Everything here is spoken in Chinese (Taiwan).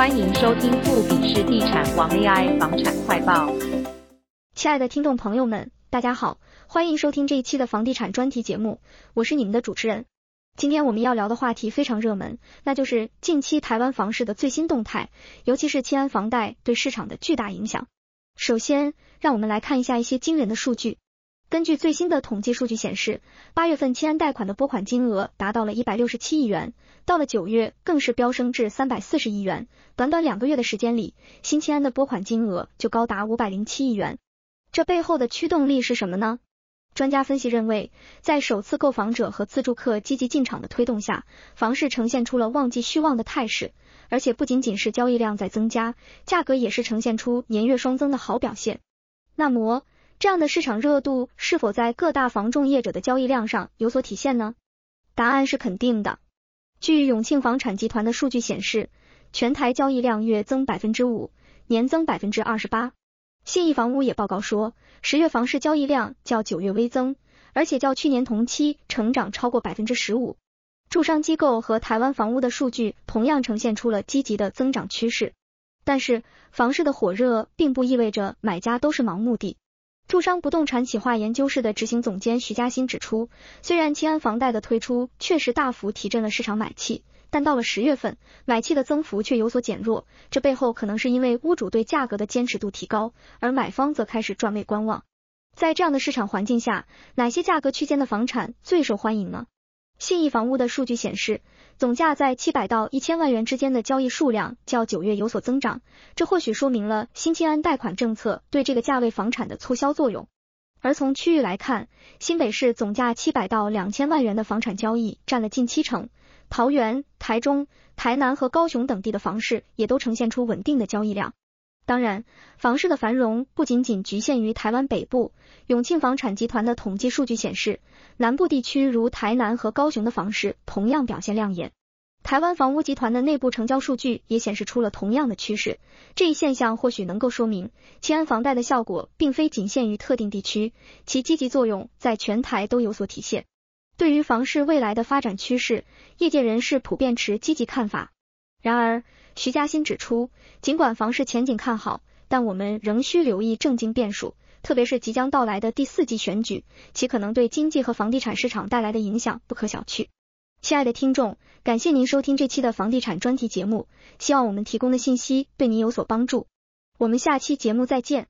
歡迎收聽富比士地產王 AI 房產快報。親愛的聽眾朋友們，大家好，歡迎收聽這一期的房地產專題節目，我是你們的主持人。今天我們要聊的話題非常熱門，那就是近期台灣房市的最新動態，尤其是青安房貸對市場的巨大影響。首先，讓我們來看一下一些驚人的數據。根據最新的統計數據顯示，八月份青安貸款的撥款金額達到了一百六十七億元，到了九月更是飆升至三百四十億元。短短兩個月的時間裡，新青安的撥款金額就高達五百零七億元。這背後的驅動力是什麼呢？專家分析認為，在首次購房者和自住客積極進場的推動下，房市呈現出了旺季續旺的態勢，而且不僅僅是交易量在增加，價格也是呈現出年月雙增的好表現。那麼這樣的市場熱度是否在各大房仲業者的交易量上有所體現呢？答案是肯定的。據永慶房產集團的數據顯示，全台交易量月增百分之五，年增百分之二十八。信義房屋也報告說，十月房市交易量較九月微增，而且較去年同期成長超過百分之十五。住商機構和台灣房屋的數據同樣呈現出了積極的增長趨勢。但是，房市的火熱並不意味着買家都是盲目的。住商不動產企劃研究室的執行總監徐嘉欣指出，雖然青安房貸的推出確實大幅提振了市場買氣，但到了十月份，買氣的增幅卻有所減弱。這背後可能是因為屋主對價格的堅持度提高，而買方則開始轉位觀望。在這樣的市場環境下，哪些價格區間的房產最受歡迎呢？信義房屋的數據顯示，總價在七百到一千萬元之間的交易數量較九月有所增長，這或許說明了新青安貸款政策對這個價位房產的促銷作用。而從區域來看，新北市總價七百到兩千萬元的房產交易佔了近七成，桃園、台中、台南和高雄等地的房市也都呈現出穩定的交易量。當然，房市的繁榮不僅僅侷限於台灣北部。永慶房產集團的統計數據顯示，南部地區如台南和高雄的房市同樣表現亮眼。台灣房屋集團的內部成交數據也顯示出了同樣的趨勢。這一現象或許能夠說明，青安房貸的效果並非僅限於特定地區，其積極作用在全台都有所體現。對於房市未來的發展趨勢，業界人士普遍持積極看法。然而，徐嘉欣指出，儘管房市前景看好，但我們仍需留意政經變數，特別是即將到來的第四季選舉，其可能對經濟和房地產市場帶來的影響不可小覷。親愛的聽眾，感謝您收聽這期的房地產專題節目，希望我們提供的信息對您有所幫助。我們下期節目再見。